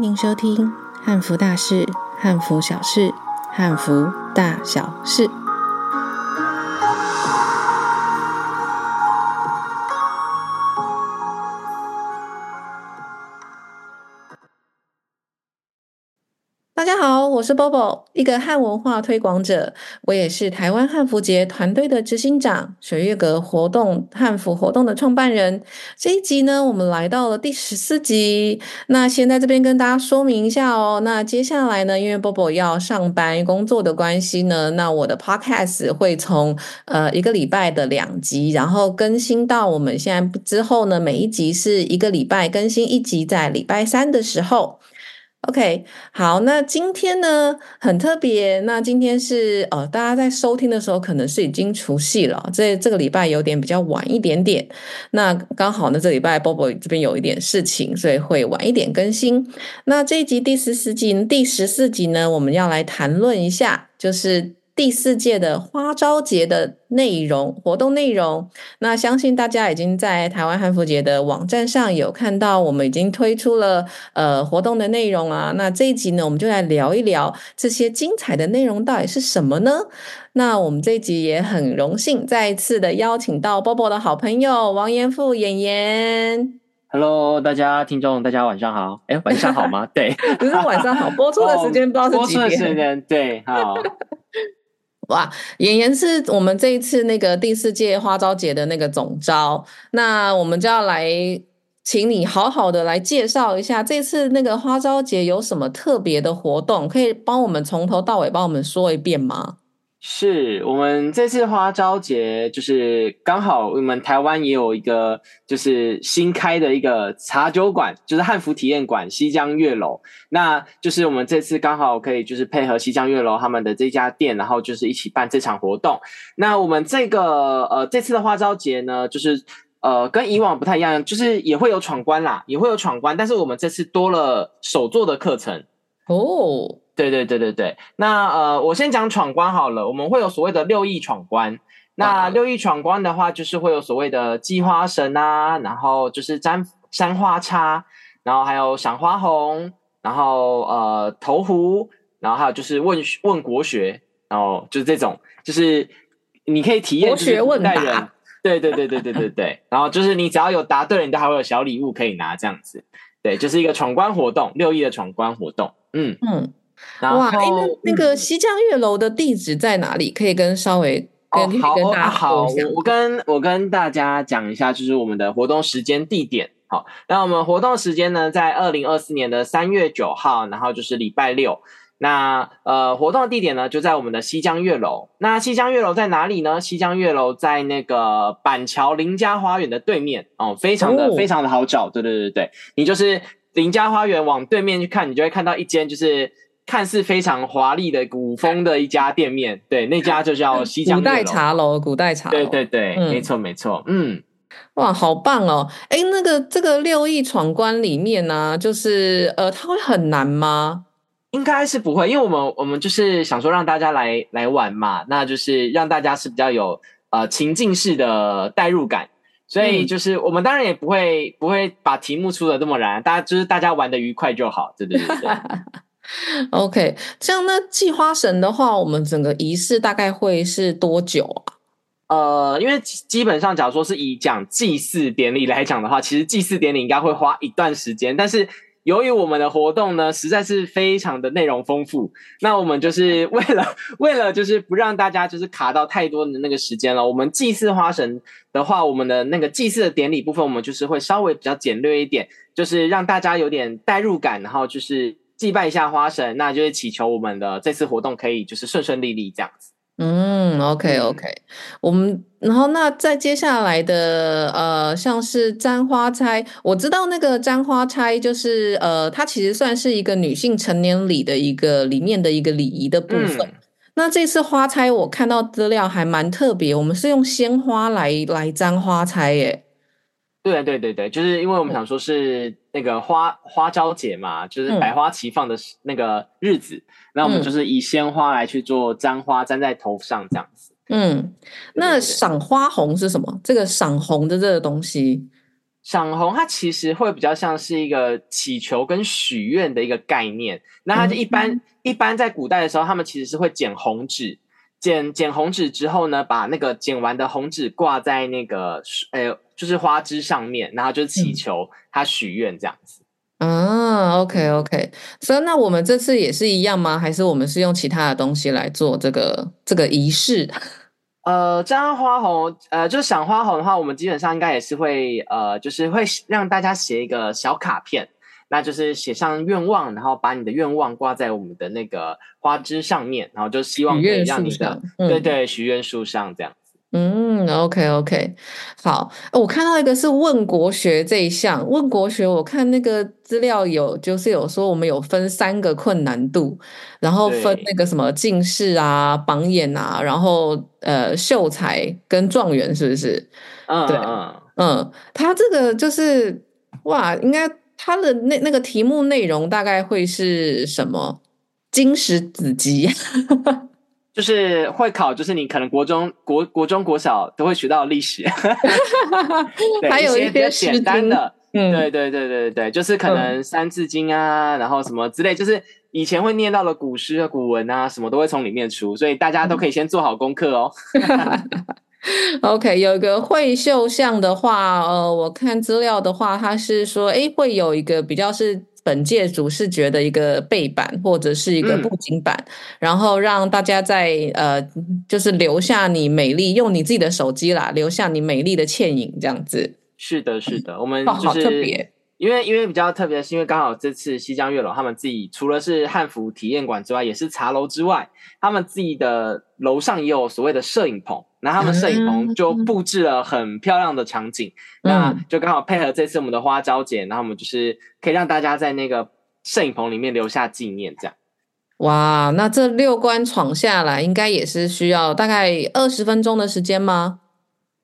歡迎收聽《漢服大事、漢服小事、漢服大小事》。我是 Bobo，一個漢文化推廣者，我也是台灣漢服節團隊的執行長，水月閣活動漢服活動的創辦人。這一集呢，我們來到了第十四集。那先在這邊跟大家說明一下哦。那接下來呢，因為 Bobo 要上班工作的關係呢，那我的 Podcast 會從呃一個禮拜的兩集，然後更新到我們現在之後呢，每一集是一個禮拜更新一集，在禮拜三的時候。OK，好，那今天呢，很特別，那今天是呃、哦，大家在收聽的時候可能是已經除夕了，這這個禮拜有點比較晚一點點，那剛好呢，這個、禮拜 Bobo 這邊有一點事情，所以會晚一點更新。那這一集第十四集，第十四集呢，我們要來談論一下，就是。第四屆的花朝節的內容活動內容，那相信大家已經在台灣漢服節的網站上有看到，我們已經推出了呃活動的內容啊。那這一集呢，我們就來聊一聊這些精彩的內容到底是什麼呢？那我們這一集也很榮幸再次的邀請到波波的好朋友王言復演員。Hello，大家聽眾，大家晚上好。哎，晚上好嗎？對， 不是晚上好。播出的時間，oh, 不知道是幾點？播出的時間，對，好。哇，言復是我們這一次那個第四屆花朝節的那個總召，那我們就要來請你好好的來介紹一下這一次那個花朝節有什麼特別的活動，可以幫我們從頭到尾幫我們說一遍嗎？是我們這次花朝節，就是剛好我們台灣也有一個就是新開的一個茶酒館，就是漢服體驗館西江玥樓。那就是我們這次剛好可以就是配合西江玥樓他們的這家店，然後就是一起辦這場活動。那我們這個呃這次的花朝節呢，就是呃跟以往不太一樣，就是也會有闖關啦，也會有闖關，但是我們這次多了手作的課程哦。Oh. 對對對對對，那呃，我先講闖關好了。我們會有所謂的六藝闖關。那六藝闖關的話，就是會有所謂的祭花神啊、嗯，然後就是簪簪花釵，然後還有賞花紅，然後呃投壺，然後還有就是問問國學，然後就是這種，就是你可以體驗、就是、國學問人，對對對對對對對， 然後就是你只要有答對了，你都還會有小禮物可以拿，這樣子。對，就是一個闖關活動， 六藝的闖關活動。嗯嗯。哇，哎，那那個西江玥樓的地址在哪裡？可以跟稍微跟、哦、跟大好、啊、好，我，我跟我跟大家講一下，就是我們的活動時間地點。好，那我們活動時間呢，在二零二四年的三月九號，然後就是禮拜六。那呃，活動的地點呢，就在我們的西江玥樓。那西江玥樓在哪裡呢？西江玥樓在那個板橋林家花園的對面哦，非常的、哦、非常的好找。對，對對對對，你就是林家花園往對面去看，你就會看到一間就是。看似非常華麗的古風的一家店面，面、嗯、對，那家就叫西江。古代茶樓，古代茶樓。對對對、嗯，沒錯沒錯。嗯，哇，好棒哦！哎，那個這個六藝闖關裡面呢、啊，就是呃，它會很難嗎？應該是不會，因為我們我們就是想說讓大家來來玩嘛，那就是讓大家是比較有呃情境式的代入感，所以就是我們當然也不會、嗯、不會把題目出的那麼難，大家就是大家玩的愉快就好，對對對對。 OK，這樣呢，祭花神的話，我們整個儀式大概會是多久啊？呃，因為基本上假如說是以講祭祀典禮來講的話，其實祭祀典禮應該會花一段時間。但是由於我們的活動呢，實在是非常的內容豐富，那我們就是為了為了就是不讓大家就是卡到太多的那個時間了，我們祭祀花神的話，我們的那個祭祀的典禮部分，我們就是會稍微比較簡略一點，就是讓大家有點代入感，然後就是。祭拜一下花神，那就是祈求我們的這次活動可以就是順順利利這樣子。嗯，OK OK，嗯，我們然後那再接下來的呃，像是簪花釵，我知道那個簪花釵就是呃，它其實算是一個女性成年禮的一個裡面的一個禮儀的部分，嗯。那這次花釵我看到資料還蠻特別，我們是用鮮花來來簪花釵耶，欸。對對對對，就是因為我們想說是。哦那個花花朝節嘛，就是百花齊放的那個日子，嗯、那我們就是以鮮花來去做簪花，簪在頭上這樣子。嗯，那賞花紅是什麼？這個賞紅的這個東西，賞紅它其實會比較像是一個祈求跟許願的一個概念。那它就一般、嗯、一般在古代的時候，他們其實是會剪紅紙，剪剪紅紙之後呢，把那個剪完的紅紙掛在那個哎。欸就是花枝上面，然後就祈求他許願這樣子。嗯、啊，OK OK，所、so, 以那我們這次也是一樣嗎？還是我們是用其他的東西來做這個這個儀式？呃，這樣花紅，呃，就是賞花紅的話，我們基本上應該也是會，呃，就是會讓大家寫一個小卡片，那就是寫上願望，然後把你的願望掛在我們的那個花枝上面，然後就希望可以讓你的、嗯、對對，許願樹上這樣。嗯，OK OK，好、哦，我看到一個是問國學這一項，問國學，我看那個資料有，就是有說我們有分三個困難度，然後分那個什麼進士啊、榜眼啊，然後呃，秀才跟狀元是不是？Uh, 對。嗯嗯，他這個就是哇，應該他的那那個題目內容大概會是什麼？經史子集。 就是會考，就是你可能國中國國中國小都會學到歷史， 對 還有一,一些比較簡單的，嗯，對對對對對，對，就是可能《三字經》啊、嗯，然後什麼之類，就是以前會唸到的古詩啊、古文啊，什麼都會從裡面出，所以大家都可以先做好功課哦。 OK，有一個繪繡像的話，呃，我看資料的話，它是說，哎，會有一個比較是。本屆主視覺的一個背板或者是一個布景板，嗯、然後讓大家在呃，就是留下你美麗，用你自己的手機啦，留下你美麗的倩影，這樣子。是的，是的，我們、就是哦，好特別。因為因為比較特別的是，因為剛好這次西江玥樓他們自己除了是漢服體驗館之外，也是茶樓之外，他們自己的樓上也有所謂的攝影棚，然後他們攝影棚就布置了很漂亮的場景，那就剛好配合這次我們的花朝節，然後我們就是可以讓大家在那個攝影棚裡面留下紀念，這樣。哇，那這六關闖下來，應該也是需要大概二十分鐘的時間嗎？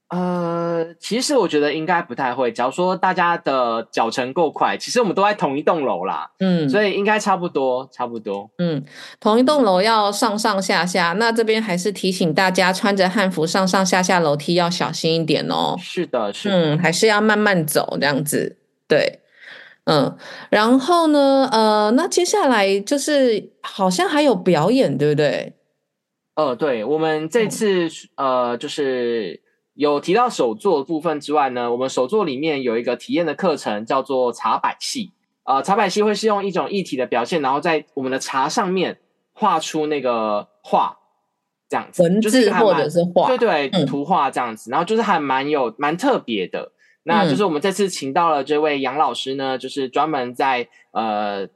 呃，其實我覺得應該不太會。假如說大家的腳程夠快，其實我們都在同一棟樓啦，嗯，所以應該差不多，差不多。嗯，同一棟樓要上上下下，那這邊還是提醒大家穿着漢服上上下下樓梯要小心一點哦。是的，是。嗯，還是要慢慢走這樣子。對，嗯，然後呢，呃，那接下來就是好像還有表演，對不對？呃，對，我們這次，嗯，呃，就是。有提到手作的部分之外呢，我們手作裡面有一個體驗的課程，叫做茶百戲。呃，茶百戲會是用一種液體的表現，然後在我們的茶上面畫出那個畫，這樣子，就是或者是畫、就是，對對、對、嗯，圖畫這樣子，然後就是還蠻有蠻特別的、嗯。那就是我們這次請到了這位楊老師呢，就是專門在呃，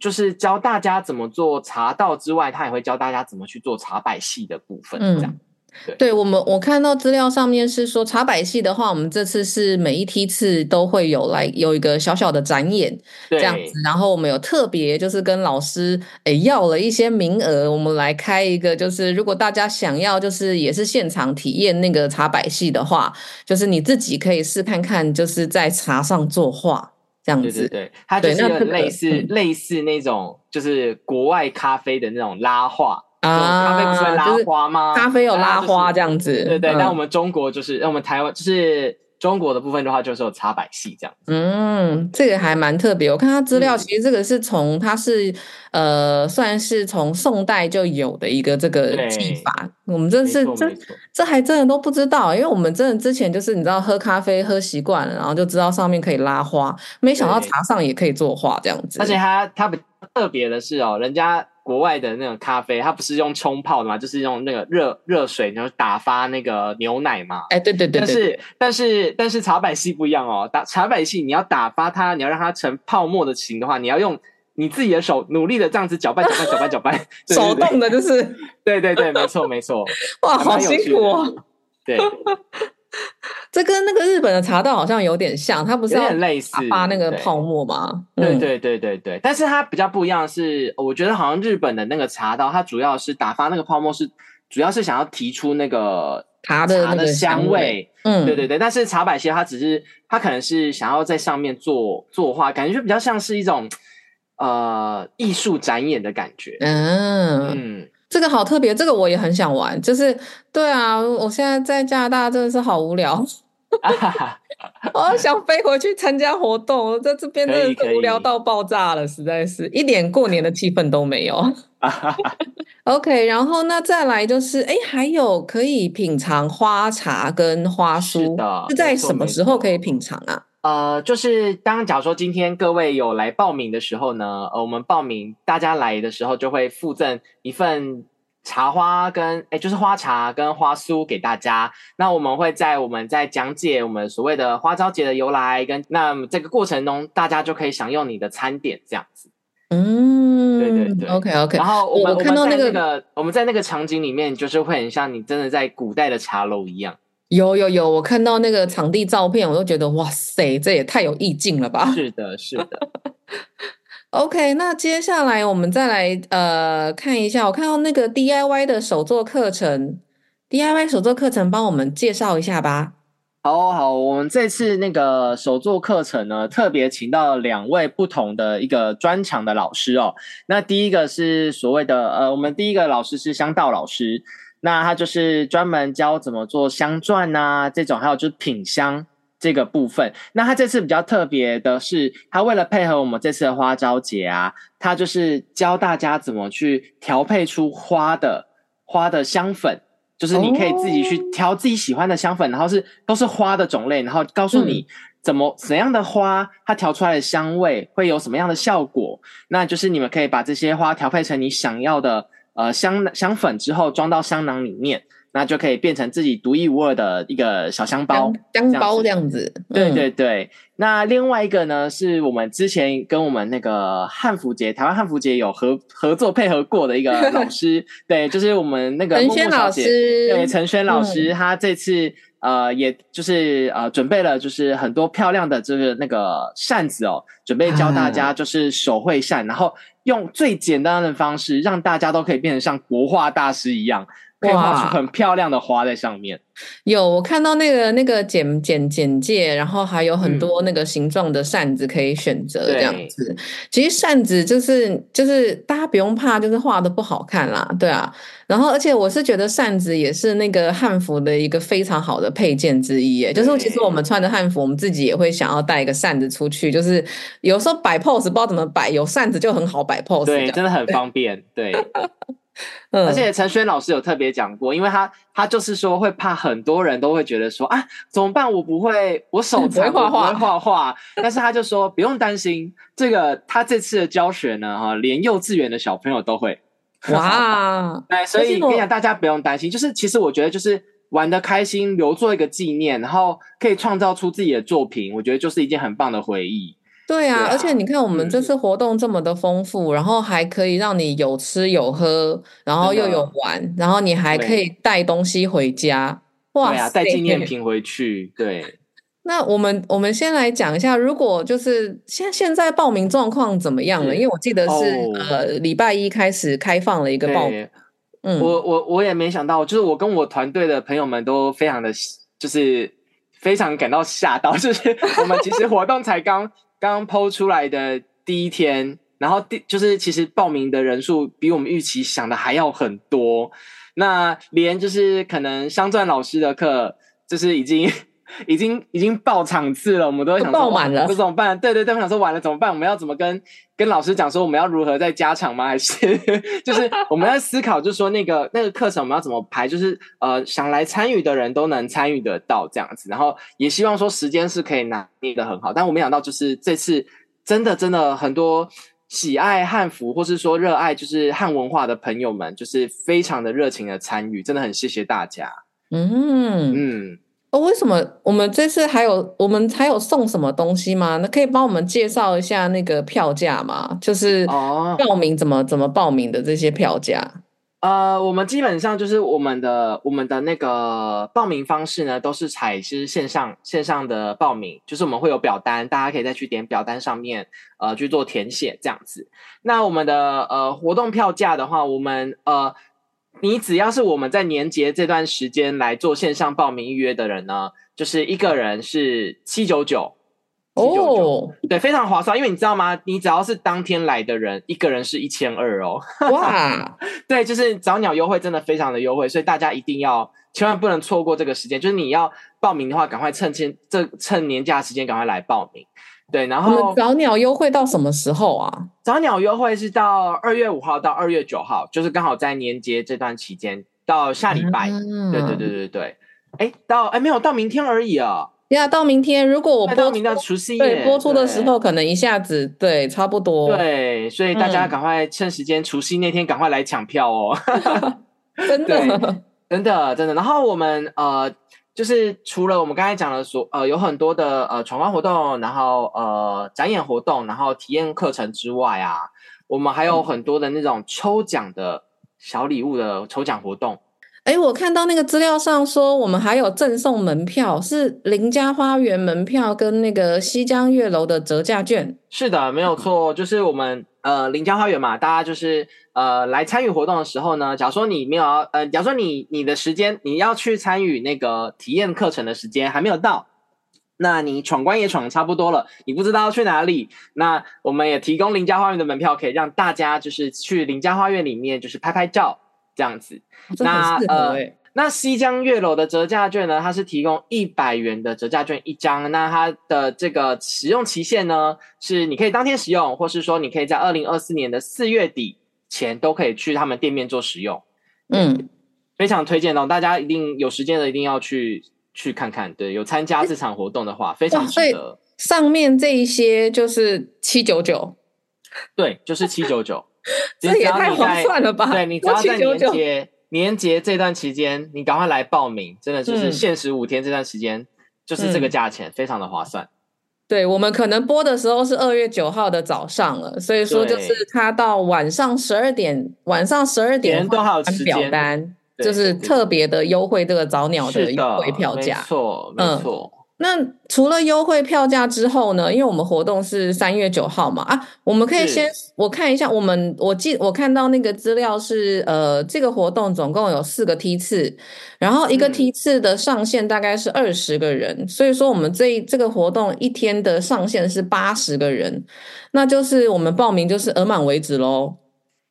就是教大家怎麼做茶道之外，他也會教大家怎麼去做茶百戲的部分，這樣。嗯對，對，對我們，我看到資料上面是說茶百戲的話，我們這次是每一梯次都會有來有一個小小的展演對，這樣子。然後我們有特別就是跟老師誒要了一些名額，我們來開一個就是如果大家想要就是也是現場體驗那個茶百戲的話，就是你自己可以試看看，就是在茶上作畫這樣子。對，對，對它就是有點類似，對，那這個，類似那種就是國外咖啡的那種拉花。啊，咖啡不是拉花嗎？啊就是、咖啡有拉花這樣子，啊就是、對，對對。那、嗯、我們中國就是，那我們台灣就是中國的部分的話，就是有茶百戲這樣子。嗯，這個還蠻特別。我看他資料，其實這個是從、嗯、它是呃，算是從宋代就有的一個這個技法。我們真的是這是這這還真的都不知道，因為我們真的之前就是你知道喝咖啡喝習慣了，然後就知道上面可以拉花，沒想到茶上也可以作畫這樣子。而且它它比較特別的是哦，人家。國外的那種咖啡，它不是用沖泡的嘛，就是用那個熱熱水，然後打發那個牛奶嘛。哎、欸，對對對，對但。但是但是但是茶百戲不一樣哦。打茶百戲，你要打發它，你要讓它成泡沫的形的話，你要用你自己的手努力的這樣子攪拌、拌、拌、攪拌、攪拌、攪拌，手動的，就是、哦。對對對，沒錯沒錯。哇，好辛苦哦。對。這跟那個日本的茶道好像有點像，它不是有點類似發那個泡沫嗎？對？對對對對對。但是它比較不一樣的是，我覺得好像日本的那個茶道，它主要是打發那個泡沫是，主要是想要提出那個茶的茶的香味。嗯，對對對。但是茶百戲它只是，它可能是想要在上面做作畫，感覺就比較像是一種呃藝術展演的感覺。嗯嗯，這個好特別，這個我也很想玩。就是對啊，我現在在加拿大真的是好無聊。 我想飛回去參加活動。在這邊真的是無聊到爆炸了，實在是一點過年的氣氛都沒有。 OK，然後那再來就是，哎，還有可以品嘗花茶跟花酥，是的，在什麼時候可以品嘗啊？呃，就是當假如說，今天各位有來報名的時候呢，呃，我們報名大家來的時候就會附贈一份。茶花跟，哎，就是花茶跟花酥給大家。那我們會在我們在講解我們所謂的花朝節的由來跟，跟那這個過程中，大家就可以享用你的餐點這樣子。嗯，對對對，OK OK。然後我們我看到我們那個、那個、我們在那個場景裡面，就是會很像你真的在古代的茶樓一樣。有有有，我看到那個場地照片，我都覺得哇塞，這也太有意境了吧！是的，是的。 OK，那接下來我們再來呃看一下，我看到那個 DIY 的手作課程，DIY 手作課程幫我們介紹一下吧。好好，我們這次那個手作課程呢，特別請到了兩位不同的一個專長的老師哦、喔。那第一個是所謂的呃，我們第一個老師是香道老師，那他就是專門教怎麼做香篆啊，這種還有就是品香。這個部分，那他這次比較特別的是，他為了配合我們這次的花朝節啊，他就是教大家怎麼去調配出花的花的香粉，就是你可以自己去調自己喜歡的香粉，哦、然後是都是花的種類，然後告訴你怎麼怎樣的花它調出來的香味會有什麼樣的效果，那就是你們可以把這些花調配成你想要的呃香香粉之後裝到香囊裡面。那就可以變成自己獨一無二的一個小香包，香，香包這樣子。對對對、嗯。那另外一個呢，是我們之前跟我們那個漢服節、台灣漢服節有合合作配合過的一個老師， 對，就是我們那個陳軒老師。對，陳軒老師，他這次呃，也就是呃，準備了就是很多漂亮的，就是那個扇子哦，準備教大家就是手繪扇，然後用最簡單的方式，讓大家都可以變成像國畫大師一樣。哇，很漂亮的花在上面。有我看到那個那個簡簡簡介，然後還有很多那個形狀的扇子可以選擇，嗯、這樣子。其實扇子就是就是大家不用怕，就是畫得不好看啦，對啊。然後而且我是覺得扇子也是那個漢服的一個非常好的配件之一耶。就是其實我們穿的漢服，我們自己也會想要帶一個扇子出去。就是有時候擺 pose 不知道怎麼擺，有扇子就很好擺 pose，對，真的很方便，對。對 嗯、而且陳軒老師有特別講過，因為他他就是說會怕，很多人都會覺得說啊怎麼辦？我不會，我手殘，畫畫畫。畫畫 但是他就說不用擔心，這個他這次的教學呢，哈，連幼稚園的小朋友都會哇。所以我跟你講，大家不用擔心，就是其實我覺得就是玩得開心，留作一個紀念，然後可以創造出自己的作品，我覺得就是一件很棒的回憶。對啊，而且你看，我們這次活動這麼的豐富、嗯，然後還可以讓你有吃有喝，然後又有玩，啊、然後你還可以帶東西回家。哇塞、啊、帶紀念品回去。對，那我們我們先來講一下，如果就是現在現在報名狀況怎麼樣了？因為我記得是、哦、呃禮拜一開始開放了一個報名，嗯，我我我也沒想到，就是我跟我團隊的朋友們都非常的，就是非常感到嚇到，就是我們其實活動才剛。 剛剛拋出來的第一天，然後第就是其實報名的人數比我們預期想的還要很多，那連就是可能鑲鑽老師的課就是已經。已經已經爆場次了，我們都會想說，爆滿了，哦，怎麼辦？對對對，對，我們想說，完了怎麼辦？我們要怎麼跟跟老師講說，我們要如何再加場嗎？還是 就是我們要思考，就是說那個 那個課程我們要怎麼排？就是呃，想來參與的人都能參與得到這樣子，然後也希望說時間是可以拿捏得很好。但我沒想到，就是這次真的真的很多喜愛漢服或是說熱愛就是漢文化的朋友們，就是非常的熱情的參與，真的很謝謝大家。嗯嗯。哦，為什麼我們這次還有，我們還有送什麼東西嗎？那可以幫我們介紹一下那個票價嗎？就是報名怎麼、哦、怎麼報名的這些票價。呃，我們基本上就是我們的我們的那個報名方式呢，都是採是線上線上的報名，就是我們會有表單，大家可以再去點表單上面呃去做填寫這樣子。那我們的呃活動票價的話，我們呃。你只要是我們在年節這段時間來做線上報名預約的人呢，就是一個人是七九九，七九九，對，非常划算。因為你知道嗎？你只要是當天來的人，一個人是一千二哦。哇、 wow.，對，就是早鳥優惠真的非常的優惠，所以大家一定要千萬不能錯過這個時間。就是你要報名的話，趕快趁這趁年假時間，趕快來報名。對，然後、嗯、早鳥優惠到什麼時候啊？早鳥優惠是到二月五號到二月九號，就是剛好在年節這段期間到下禮拜、啊。對對對對對，對，對，哎，到哎沒有到明天而已啊、哦！呀，到明天，如果我播明天除夕，對，播出的時候可能一下子對，對，差不多。對，所以大家趕快趁時間，除夕那天趕快來搶票哦！ 真的，真的，真的。然後我們呃。就是除了我們剛才講的所呃有很多的呃闖關活動，然後呃展演活動，然後體驗課程之外啊，我們還有很多的那種抽獎的小禮物的抽獎活動。哎、欸，我看到那個資料上說，我們還有贈送門票，是林家花園門票跟那個西江玥樓的折價券。是的，沒有錯，就是我們呃林家花園嘛，大家就是。呃，來參與活動的時候呢，假如說你沒有，呃，假如說你你的時間，你要去參與那個體驗課程的時間還沒有到，那你闖關也闖的差不多了，你不知道要去哪裡，那我們也提供林家花園的門票，可以讓大家就是去林家花園裡面就是拍拍照這樣子。那呃，那西江玥樓的折價券呢，它是提供一百元的折價券一張，那它的這個使用期限呢，是你可以當天使用，或是說你可以在二零二四年的四月底。錢都可以去他們店面做使用，嗯，非常推薦的，大家一定有時間的一定要去去看看。對，有參加這場活動的話，非常值得。上面這一些就是七九九，對，就是七九九，這也太划算了吧？對，你只要在年節年節這段期間，你趕快來報名，真的就是限時五天，這段時間、嗯、就是這個價錢，嗯、非常的划算。對，我們可能播的時候是二月九號的早上了，所以說就是他到晚上十二點，晚上十二點多少表單，就是特別的優惠，這個早鳥的優惠票價，嗯，沒錯，沒錯。嗯那除了優惠票價之後呢？因為我們活動是三月九號嘛啊，我們可以先我看一下我，我們我記我看到那個資料是呃，這個活動總共有四個梯次，然後一個梯次的上限大概是二十個人，嗯，所以說我們這一這個活動一天的上限是八十個人，那就是我們報名就是額滿為止嘍。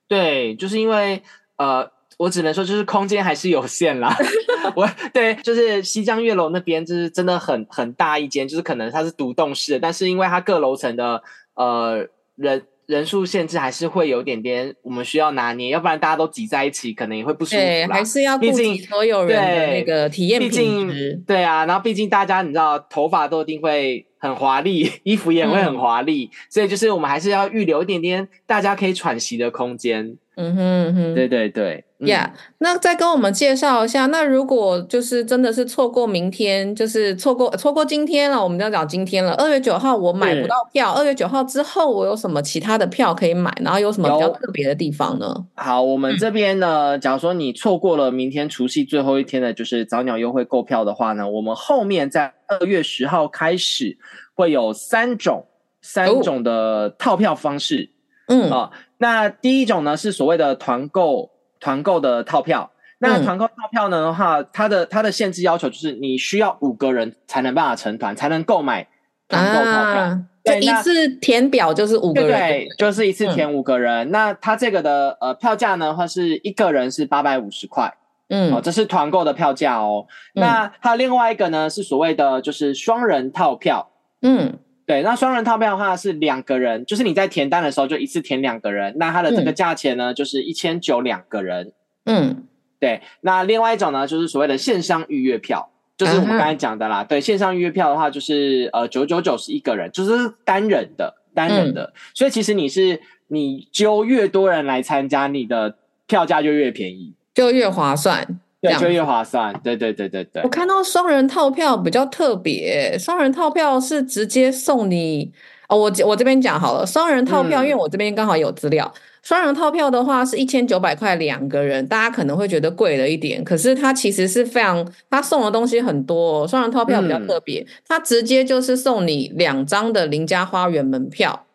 對，就是因為呃。我只能說，就是空間還是有限啦 我，我對，就是西江玥樓那邊，就是真的很很大一間，就是可能它是獨棟式的，但是因為它各樓層的呃人人數限制，還是會有點點我們需要拿捏，要不然大家都擠在一起，可能也會不舒服。對，還是要顧及所有人的那個體驗品質。畢竟，對啊，然後畢竟大家你知道，頭髮都一定會很華麗，衣服也會很華麗，嗯，所以就是我們還是要預留一點點大家可以喘息的空間。嗯哼，嗯哼，對對對。Yeah，、嗯、那再跟我們介紹一下。那如果就是真的是錯過明天，就是錯過錯過今天了，我們就要講今天了。二月九號我買不到票，二、嗯、月九號之後我有什麼其他的票可以買？然後有什麼比較特別的地方呢？好，我們這邊呢，假如說你錯過了明天除夕最後一天的，就是早鳥優惠購票的話呢，我們後面在二月十號開始會有三種三種的套票方式。哦、嗯，好、呃，那第一種呢是所謂的團購。團購的套票，那團購套票呢的話，嗯、它的它的限制要求就是你需要五個人才能辦法成團，才能購買團購套票。啊、對，一次填表就是五個人。對，對，對，就是一次填五個人。嗯。那它這個的呃票價呢，話是一個人是八百五十塊。嗯，哦、這是團購的票價哦、嗯。那它另外一個呢，是所謂的就是雙人套票。嗯。對，那雙人套票的話是兩個人，就是你在填單的時候就一次填兩個人，那他的這個價錢呢、嗯、就是一千九兩個人。嗯，對。那另外一種呢，就是所謂的線上預約票，就是我們剛才講的啦、嗯。對，線上預約票的話就是呃九九九是一個人，就是單人的單人的、嗯，所以其實你是你揪越多人來參加，你的票價就越便宜，就越划算。越就越划算，對對對對對。我看到雙人套票比較特別，雙人套票是直接送你哦。我我這邊講好了，雙人套票，因為我這邊剛好有資料，雙人套票的話是一千九百塊兩個人，大家可能會覺得貴了一點，可是它其實是非常，它送的東西很多，雙人套票比較特別，它直接就是送你兩張的林家花園門票。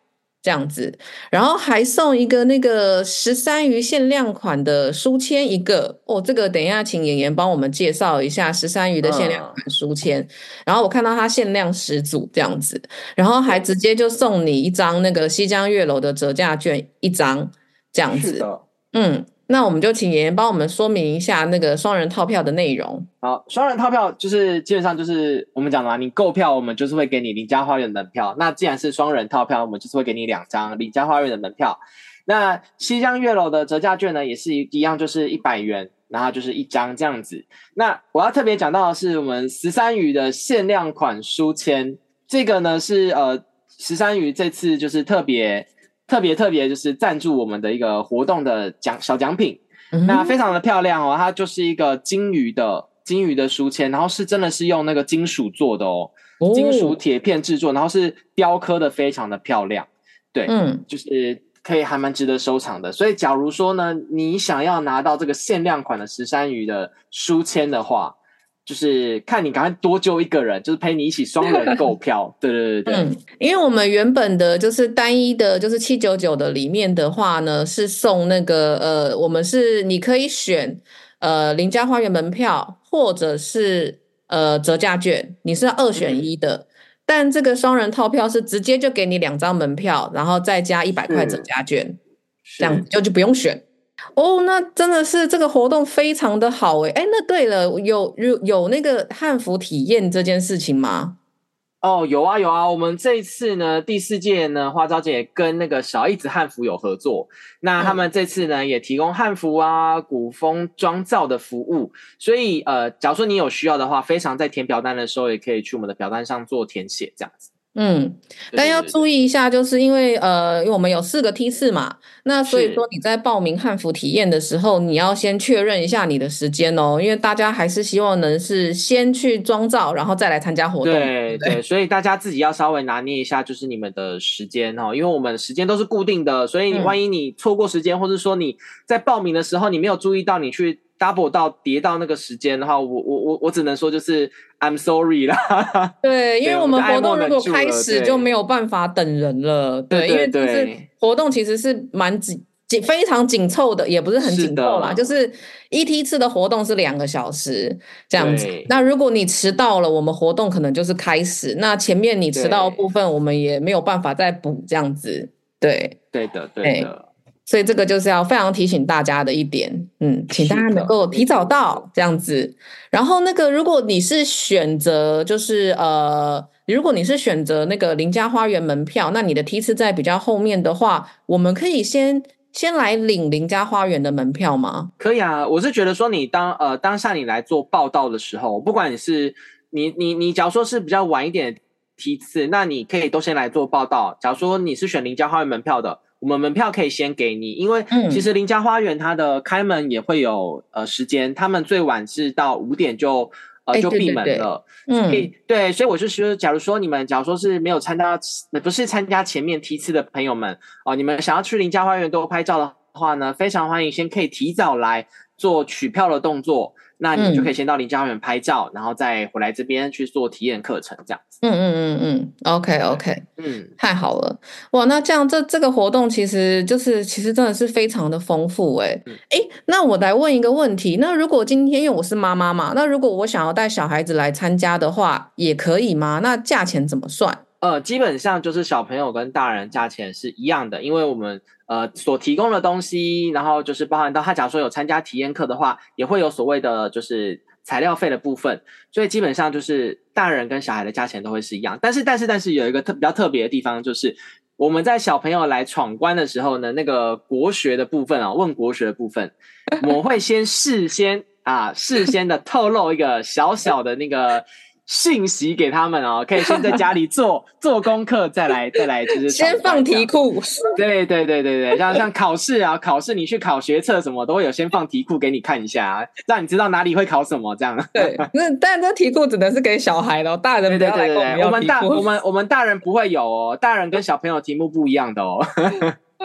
這樣子，然後還送一個那個十三余限量款的書籤一個哦，這個等一下請言復幫我們介紹一下十三余的限量款書籤，嗯，然後我看到它限量十組這樣子，然後還直接就送你一張那個西江玥樓的折價券一張這樣子，嗯。那我們就請言復幫我們說明一下那個雙人套票的內容。好，雙人套票就是基本上就是我們講的啊，你購票我們就是會給你林家花園的門票。那既然是雙人套票，我們就是會給你兩張林家花園的門票。那西江玥樓的折價券呢，也是一一樣，就是一百元，然後就是一張這樣子。那我要特別講到的是我們十三余的限量款書籤，這個呢是呃十三余這次就是特別。特別特別就是贊助我們的一個活動的獎小獎品，嗯，那非常的漂亮哦，它就是一個金魚的金魚的書籤，然後是真的是用那個金屬做的哦，哦金屬鐵片制作，然後是雕刻的非常的漂亮，對，嗯，就是可以還蠻值得收藏的。所以假如說呢，你想要拿到這個限量款的十三余的書籤的話。就是看你敢多救一個人，就是陪你一起雙人購票。 對對對對。嗯，因為我們原本的就是單一的，就是七九九的裡面的話呢，是送那個呃，我們是你可以選呃，林家花園門票或者是呃折價券，你是要二選一的、嗯。但這個雙人套票是直接就給你兩張門票，然後再加一百塊折價券，這樣就就不用選。哦、oh,，那真的是這個活動非常的好誒。哎，那對了，有有有那個漢服體驗這件事情嗎？哦，有啊有啊，我們這一次呢第四屆呢，花朝節跟那個小義子漢服有合作，那他們這次呢、嗯、也提供漢服啊古風妝造的服務，所以呃，假如說你有需要的話，非常在填表單的時候也可以去我們的表單上做填寫，這樣子。嗯，但要注意一下，就是因為呃，因為我們有四個梯次嘛，那所以說你在報名漢服體驗的時候，你要先確認一下你的時間哦，因為大家還是希望能是先去妝造，然後再來參加活動。對對，對，所以大家自己要稍微拿捏一下，就是你們的時間哦，因為我們時間都是固定的，所以你萬一你錯過時間，嗯，或者說你在報名的時候你沒有注意到，你去。double 到跌到那個時間的話，我我我我只能說就是 I'm sorry 啦。 對，因為我們活動如果開始，就沒有辦法等人了。對，對對對對，因為就是活動其實是蠻緊，緊，非常緊湊的，也不是很緊湊啦，是的，就是一梯次的活動是兩個小時這樣子。那如果你遲到了，我們活動可能就是開始。那前面你遲到的部分，我們也沒有辦法再補這樣子。對，對的，對的。欸所以這個就是要非常提醒大家的一點，嗯，請大家能夠提早到這樣子。然後那個，如果你是選擇，就是呃，如果你是選擇那個林家花園門票，那你的梯次在比較後面的話，我們可以先先來領林家花園的門票嗎？可以啊，我是覺得說你當呃當下你來做報到的時候，不管你是你你你假如說是比較晚一點梯次，那你可以都先來做報到。假如說你是選林家花園門票的。我們門票可以先給你，因為其實林家花園它的開門也會有、嗯、呃時間，他們最晚是到五點就呃、欸、對對對就閉門了。嗯，所以，對所以我就說，假如說你們，假如說是沒有參加，不是參加前面梯次的朋友們哦、呃，你們想要去林家花園多拍照的話呢，非常歡迎，先可以提早來。做取票的動作，那你就可以先到林家花園拍照，嗯，然後再回來這邊去做體驗課程，這樣子。嗯嗯嗯嗯，OK OK，嗯，太好了，哇，那這樣這這個活動其實就是其實真的是非常的豐富誒、欸。哎、嗯欸，那我來問一個問題，那如果今天因為我是媽媽嘛，那如果我想要帶小孩子來參加的話，也可以嗎？那價錢怎麼算？呃，基本上就是小朋友跟大人價錢是一樣的，因為我們呃所提供的東西，然後就是包含到他，假如說有參加體驗課的話，也會有所謂的，就是材料費的部分。所以基本上就是大人跟小孩的價錢都會是一樣。但是，但是，但是有一個特比較特別的地方，就是我們在小朋友來闖關的時候呢，那個國學的部分啊，問國學的部分，我會先事先啊，事先的透露一個小小的那個。信息給他們哦，可以先在家裡做 做功課，再來再來就是先放題庫。對對對對對，像像考試啊， 考試你去考學測什麼，都會有先放題庫給你看一下，讓你知道哪裡會考什麼這樣。對，那但這題庫只能是給小孩的哦，大人不會。對，對，對，對，我們大我們我們大人不會有哦，大人跟小朋友題目不一樣的哦。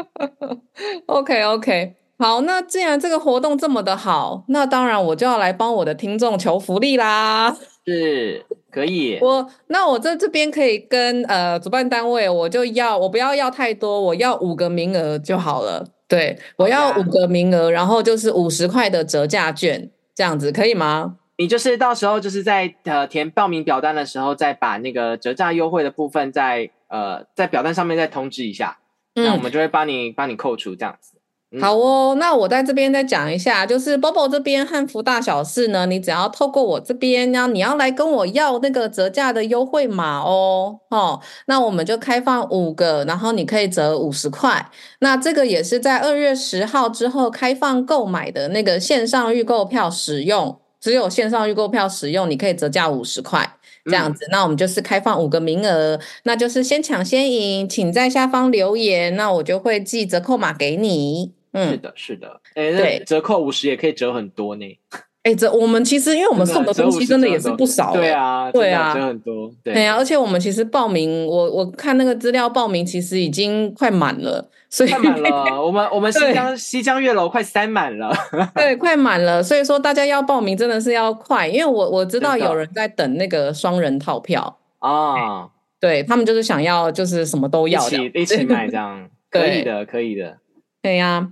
OK OK，好，那既然這個活動這麼的好，那當然我就要來幫我的聽眾求福利啦。是可以，我那我在這邊可以跟呃主辦單位，我就要我不要要太多，我要五個名額就好了。對，對啊，我要五個名額，然後就是五十塊的折價券，這樣子可以嗎？你就是到時候就是在呃填報名表單的時候，再把那個折價優惠的部分再呃在表單上面再通知一下，嗯，那我們就會幫你幫你扣除這樣子。好哦，那我在這邊再講一下，就是 Bobo 這邊漢服大小事呢，你只要透過我這邊，然後你要來跟我要那個折價的優惠碼哦，哦，那我們就開放五個，然後你可以折五十塊。那這個也是在二月十號之後開放購買的那個線上預購票使用，只有線上預購票使用，你可以折價五十塊這樣子，嗯。那我們就是開放五個名額，那就是先搶先贏，請在下方留言，那我就會寄折扣碼給你。嗯，是的，是的，哎、欸，對。折扣五十也可以折很多呢、欸。哎、欸，這我們其實因為我們送的東西真的也是不少、欸，對啊，對啊，折很多對，對啊。而且我們其實報名，我我看那個資料，報名其實已經快滿了，所以快滿了。我們我們西江西江玥樓快塞滿了， 對，快滿了。所以說大家要報名真的是要快，因為我我知道有人在等那個雙人套票啊、哦，對他們就是想要就是什麼都要一起一起買這樣 可以的，可以的，對呀、啊。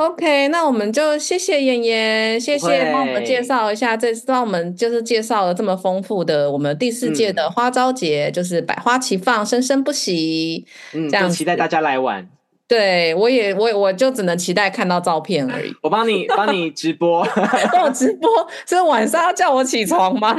OK，那我們就謝謝燕燕，謝謝幫我們介紹一下這次，讓我們就是介紹了這麼豐富的我們第四屆的花朝節，嗯、就是百花齊放，生生不息。嗯，這樣期待大家來玩。對，我也我也我就只能期待看到照片而已。 我幫你幫你直播， 幫我直播，是晚上要叫我起床嗎？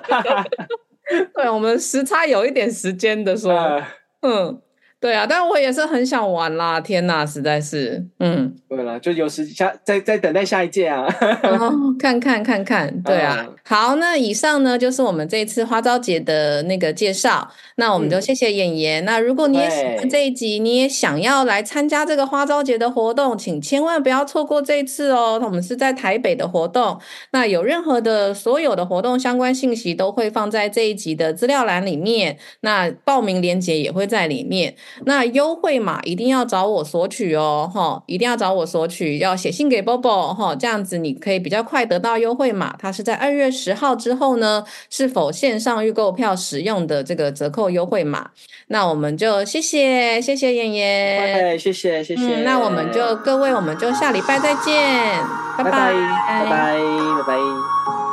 對，我們時差有一點時間的說，呃、嗯。對啊，但我也是很想玩啦！天哪，實在是，嗯，對了，就有時下在在等待下一屆啊， 哦、看看看看，對啊、嗯。好，那以上呢就是我們這一次花朝節的那個介紹。那我們就謝謝演員、嗯。那如果你也喜歡這一集，你也想要來參加這個花朝節的活動，請千萬不要錯過這一次哦。我們是在台北的活動，那有任何的所有的活動相關信息都會放在這一集的資料欄裡面，那報名鏈接也會在裡面。那優惠碼一定要找我索取哦，一定要找我索取，要寫信給 Bobo，哈，這樣子你可以比較快得到優惠碼。它是在二月十號之後呢，是否線上預購票使用的這個折扣優惠碼？那我們就謝謝謝謝燕燕，哎，謝謝謝謝 okay, 謝謝，謝謝，嗯。那我們就各位，我們就下禮拜再見，拜拜拜拜拜拜。拜拜拜拜拜拜。